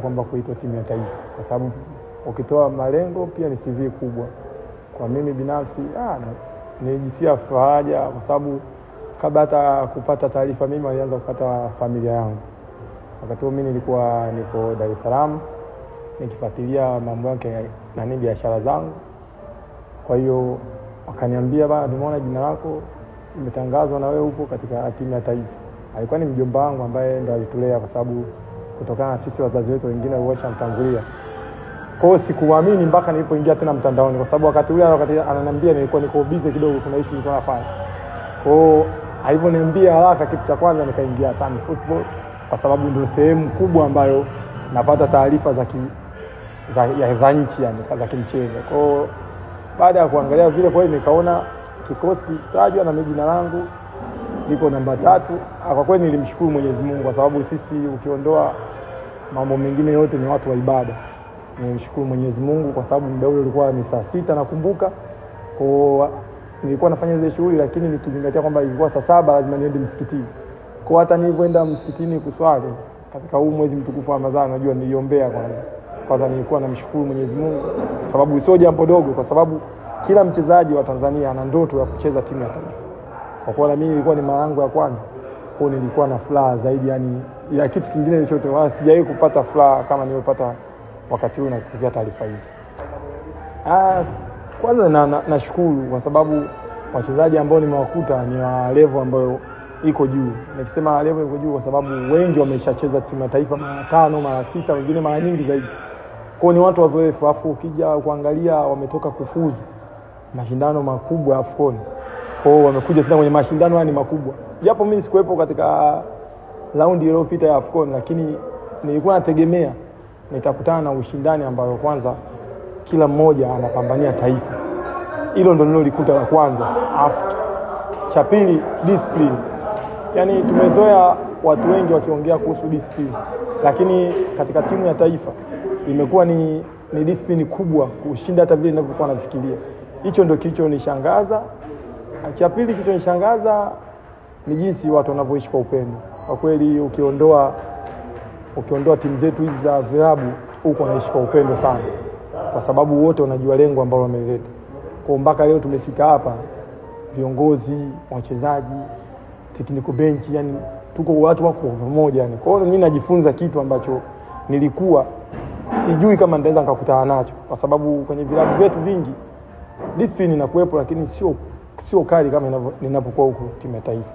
kwamba kuitwa timu ya taifa, kwa sababu ukitoa malengo pia ni CV kubwa kwa mimi binafsi. Ah, faraja kwa sababu kabla hata kupata taarifa mimi walianza kupata familia yangu. Wakati huo mimi nilikuwa niko Dar es Salaam nikifuatilia mambo yake na nini biashara zangu. Kwa hiyo wakaniambia, bana, tumeona jina lako imetangazwa na wewe upo katika timu ya taifa. Alikuwa ni mjomba wangu ambaye ndo alitulea kwa sababu kutokana na sisi wazazi wetu wengine washamtangulia. Kwa hiyo sikuamini mpaka nilipoingia tena mtandaoni, kwa sababu wakati ule wakati ananiambia nilikuwa niko busy kidogo, kuna issue nilikuwa nafanya. Kwa hiyo alivyoniambia haraka, kitu cha kwanza nikaingia tani Football kwa sababu ndio sehemu kubwa ambayo napata taarifa za ki, za, ya, za nchi yani za kimchezo. Kwa baada ya kuangalia vile, kwa nikaona kikosi kitajwa na mimi jina langu iko namba tatu. Ah, kwa kweli nilimshukuru Mwenyezi Mungu kwa sababu sisi, ukiondoa mambo mengine yote, ni watu wa ibada. Nimshukuru Mwenyezi Mungu kwa sababu muda ule ulikuwa ni saa sita nakumbuka, kwa hiyo nilikuwa nafanya zile shughuli, lakini nikizingatia kwamba ilikuwa saa saba lazima niende msikitini. Kwa hata nilipoenda msikitini kuswali katika huu mwezi mtukufu wa Ramadhani, najua niliombea kwanza kwanza, nilikuwa namshukuru Mwenyezi Mungu kwa sababu sio jambo dogo, kwa sababu kila mchezaji wa Tanzania ana ndoto ya kucheza timu ya taifa kwa kuwa na mimi ilikuwa ni mara yangu ya kwanza, kwa nilikuwa na furaha zaidi yani ya kitu kingine chochote, wala sijawahi kupata furaha kama niliyopata wakati huu nakufikia taarifa hizi. Ah, kwanza nashukuru na, na kwa sababu wachezaji ambao nimewakuta ni wa level ambayo iko juu. Nikisema level iko juu kwa sababu wengi wameshacheza timu ya taifa mara tano, mara sita, wengine mara nyingi zaidi. Kwa ni watu wazoefu, afu ukija kuangalia wametoka kufuzu mashindano makubwa AFCON kwao wamekuja tena kwenye mashindano haya ni makubwa, japo mimi sikuwepo katika raundi iliyopita ya AFCON, lakini nilikuwa nategemea nitakutana na ushindani ambayo kwanza kila mmoja anapambania taifa. Hilo ndo nilolikuta la kwanza. Afu cha pili discipline, yaani tumezoea watu wengi wakiongea kuhusu discipline, lakini katika timu ya taifa imekuwa ni, ni discipline kubwa kushinda hata vile ninavyokuwa nafikiria. Hicho ndo kilichonishangaza. Cha pili kilichonishangaza ni jinsi watu wanavyoishi kwa upendo. Kwa kweli, ukiondoa ukiondoa timu zetu hizi za vilabu, huko wanaishi kwa upendo sana, kwa sababu wote wanajua lengo ambalo wameleta. Kwa mpaka leo tumefika hapa, viongozi, wachezaji, tekniko benchi, yani tuko watu wako pamoja yani. Kwa hiyo mimi najifunza kitu ambacho nilikuwa sijui kama nitaweza nikakutana nacho, kwa sababu kwenye vilabu vyetu vingi discipline inakuwepo, lakini sio sio kali kama ninapokuwa huko timu ya taifa.